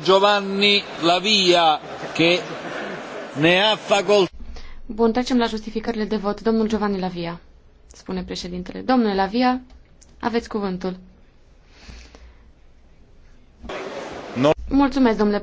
Giovanni Lavia, che ne ha facoltà. Bun, trecem la justificările de vot. Domnul Giovanni Lavia, spune președintele. Domnule Lavia, aveți cuvântul. No. Mulțumesc, domnule președinte.